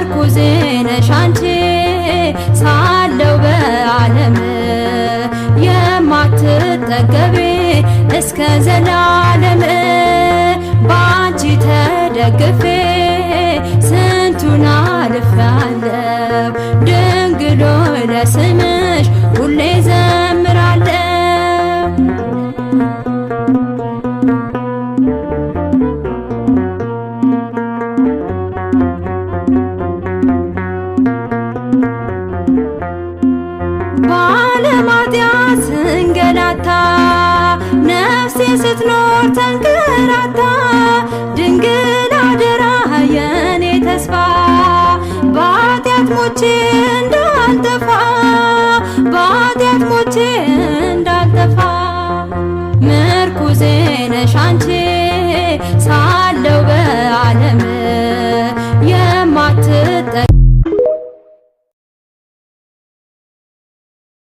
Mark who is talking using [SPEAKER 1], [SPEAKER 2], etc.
[SPEAKER 1] መርኩዜ ነሽ አንቺ ሳለው በዓለም እስከ ዘላለም ተደግፌ ስንቱን አልፌያለሁ ድንግሎ
[SPEAKER 2] በዓለም ስንገላታ ነፍሴ ስትኖር ተንገራታ ድንግል አደራ የኔ ተስፋ በኃጢአት ሞቼ እንዳልጠፋ ሞቼ እንዳልጠፋ ምርኩዜ ነሽ አንቺ